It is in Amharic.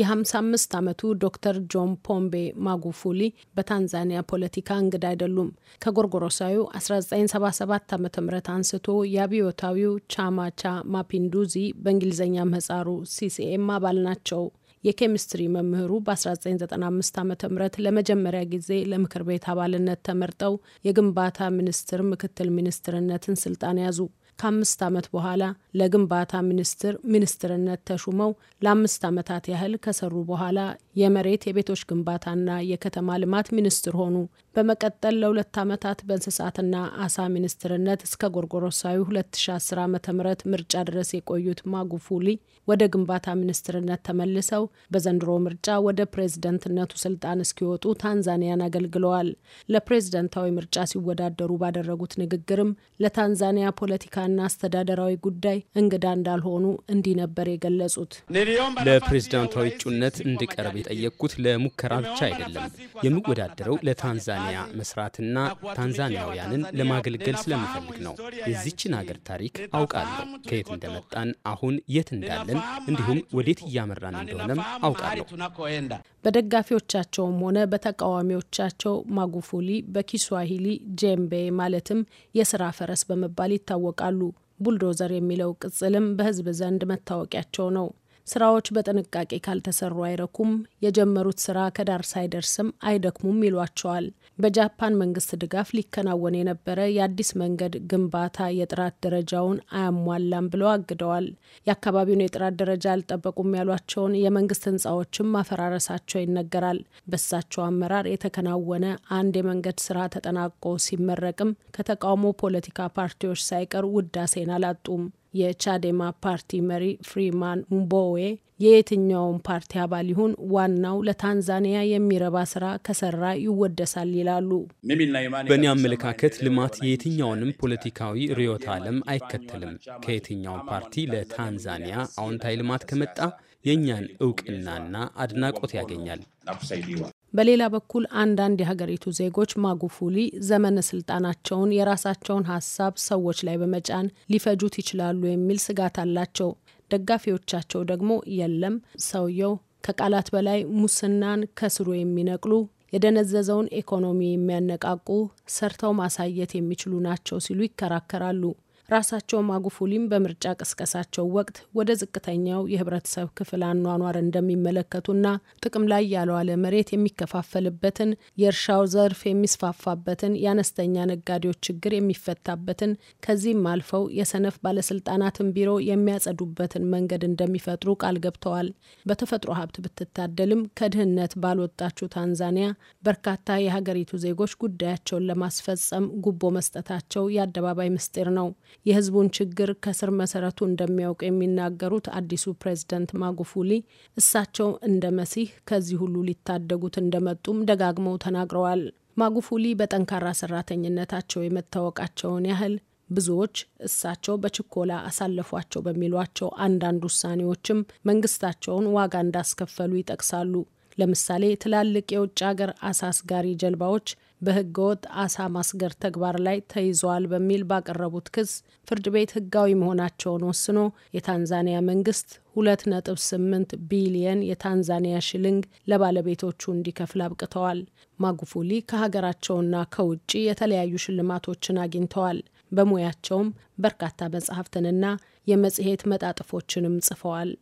የ55 ዓመቱ ዶክተር ጆን ፖምቤ ማጉፉሊ በታንዛኒያ ፖለቲካ እንግድ አይደሉም። ከጎርጎሮሳዊ 1977 ዓ ም አንስቶ የአብዮታዊው ቻማቻ ማፒንዱዚ በእንግሊዝኛ ምህጻሩ ሲሲኤም አባል ናቸው። የኬሚስትሪ መምህሩ በ1995 ዓ ም ለመጀመሪያ ጊዜ ለምክር ቤት አባልነት ተመርጠው የግንባታ ሚኒስቴር ምክትል ሚኒስትርነትን ስልጣን ያዙ። ከአምስት ዓመት በኋላ ለግንባታ ሚኒስትር ሚኒስትርነት ተሹመው ለአምስት ዓመታት ያህል ከሰሩ በኋላ የመሬት የቤቶች ግንባታና የከተማ ልማት ሚኒስትር ሆኑ። በመቀጠል ለሁለት ዓመታት በእንስሳትና አሳ ሚኒስትርነት እስከ ጎርጎሮሳዊ 2010 ዓ ም ምርጫ ድረስ የቆዩት ማጉፉሊ ወደ ግንባታ ሚኒስትርነት ተመልሰው በዘንድሮ ምርጫ ወደ ፕሬዝደንትነቱ ስልጣን እስኪወጡ ታንዛኒያን አገልግለዋል። ለፕሬዝደንታዊ ምርጫ ሲወዳደሩ ባደረጉት ንግግርም ለታንዛኒያ ፖለቲካ የጸጥታና አስተዳደራዊ ጉዳይ እንግዳ እንዳልሆኑ እንዲህ ነበር የገለጹት። ለፕሬዝዳንታዊ እጩነት እንድቀርብ የጠየቅኩት ለሙከራ ብቻ አይደለም። የምወዳደረው ለታንዛኒያ መስራትና ታንዛኒያውያንን ለማገልገል ስለምፈልግ ነው። የዚችን ሀገር ታሪክ አውቃለሁ። ከየት እንደመጣን፣ አሁን የት እንዳለን፣ እንዲሁም ወዴት እያመራን እንደሆነም አውቃለሁ። በደጋፊዎቻቸውም ሆነ በተቃዋሚዎቻቸው ማጉፉሊ በኪስዋሂሊ ጄምቤ ማለትም የስራ ፈረስ በመባል ይታወቃሉ። ይሰጣሉ። ቡልዶዘር የሚለው ቅጽልም በህዝብ ዘንድ መታወቂያቸው ነው። ስራዎች በጥንቃቄ ካልተሰሩ አይረኩም፣ የጀመሩት ስራ ከዳር ሳይደርስም አይደክሙም ይሏቸዋል። በጃፓን መንግስት ድጋፍ ሊከናወን የነበረ የአዲስ መንገድ ግንባታ የጥራት ደረጃውን አያሟላም ብለው አግደዋል። የአካባቢውን የጥራት ደረጃ አልጠበቁም ያሏቸውን የመንግስት ህንፃዎችም ማፈራረሳቸው ይነገራል። በሳቸው አመራር የተከናወነ አንድ የመንገድ ስራ ተጠናቆ ሲመረቅም ከተቃውሞ ፖለቲካ ፓርቲዎች ሳይቀር ውዳሴን አላጡም። የቻዴማ ፓርቲ መሪ ፍሪማን ሙቦዌ የየትኛውም ፓርቲ አባል ይሁን ዋናው ለታንዛኒያ የሚረባ ስራ ከሰራ ይወደሳል ይላሉ። በእኔ አመለካከት ልማት የየትኛውንም ፖለቲካዊ ርዕዮተ ዓለም አይከተልም። ከየትኛውም ፓርቲ ለታንዛኒያ አዎንታዊ ልማት ከመጣ የእኛን እውቅናና አድናቆት ያገኛል። በሌላ በኩል አንዳንድ የሀገሪቱ ዜጎች ማጉፉሊ ዘመነ ስልጣናቸውን የራሳቸውን ሀሳብ ሰዎች ላይ በመጫን ሊፈጁት ይችላሉ የሚል ስጋት አላቸው። ደጋፊዎቻቸው ደግሞ የለም፣ ሰውየው ከቃላት በላይ ሙስናን ከስሩ የሚነቅሉ የደነዘዘውን ኢኮኖሚ የሚያነቃቁ ሰርተው ማሳየት የሚችሉ ናቸው ሲሉ ይከራከራሉ። ራሳቸው ማጉፉሊም በምርጫ ቅስቀሳቸው ወቅት ወደ ዝቅተኛው የህብረተሰብ ክፍል አኗኗር እንደሚመለከቱና ጥቅም ላይ ያለዋለ መሬት የሚከፋፈልበትን፣ የእርሻው ዘርፍ የሚስፋፋበትን፣ የአነስተኛ ነጋዴዎች ችግር የሚፈታበትን፣ ከዚህም አልፈው የሰነፍ ባለስልጣናትን ቢሮ የሚያጸዱበትን መንገድ እንደሚፈጥሩ ቃል ገብተዋል። በተፈጥሮ ሀብት ብትታደልም ከድህነት ባልወጣችው ታንዛኒያ በርካታ የሀገሪቱ ዜጎች ጉዳያቸውን ለማስፈጸም ጉቦ መስጠታቸው የአደባባይ ምስጢር ነው። የህዝቡን ችግር ከስር መሰረቱ እንደሚያውቅ የሚናገሩት አዲሱ ፕሬዝደንት ማጉፉሊ እሳቸው እንደ መሲህ ከዚህ ሁሉ ሊታደጉት እንደመጡም ደጋግመው ተናግረዋል። ማጉፉሊ በጠንካራ ሰራተኝነታቸው የመታወቃቸውን ያህል ብዙዎች እሳቸው በችኮላ አሳለፏቸው በሚሏቸው አንዳንድ ውሳኔዎችም መንግስታቸውን ዋጋ እንዳስከፈሉ ይጠቅሳሉ። ለምሳሌ ትላልቅ የውጭ ሀገር አሳስጋሪ ጀልባዎች በህገወጥ አሳ ማስገር ተግባር ላይ ተይዘዋል በሚል ባቀረቡት ክስ ፍርድ ቤት ህጋዊ መሆናቸውን ወስኖ የታንዛኒያ መንግስት 2.8 ቢሊየን የታንዛኒያ ሽልንግ ለባለቤቶቹ እንዲከፍል አብቅተዋል። ማጉፉሊ ከሀገራቸውና ከውጭ የተለያዩ ሽልማቶችን አግኝተዋል። በሙያቸውም በርካታ መጽሐፍትንና የመጽሔት መጣጥፎችንም ጽፈዋል።